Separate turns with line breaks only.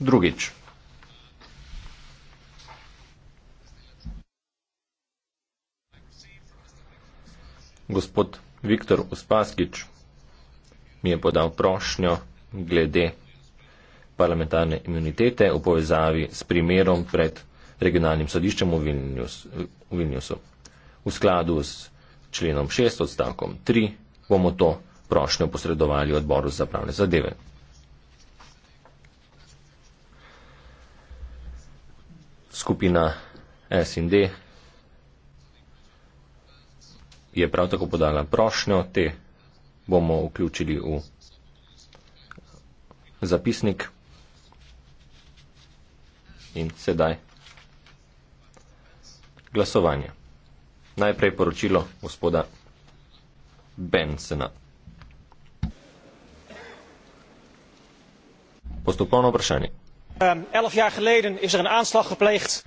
drugič.
Gospod Viktor Uspaskič mi je podal prošnjo glede parlamentarne imunitete v povezavi s primerom pred regionalnim sodiščem v, Vilnius, v Vilniusu. V skladu s členom 6 odstavkom 3 bomo to prošnjo posredovali odboru za pravne zadeve. skupina SND je prav tako podala prošnjo, te bomo vključili v zapisnik in sedaj glasovanje. Najprej poročilo gospoda Bensena. Postopno vprašanje.
Ehm, elf jaar geleden is er een aanslag gepleegd.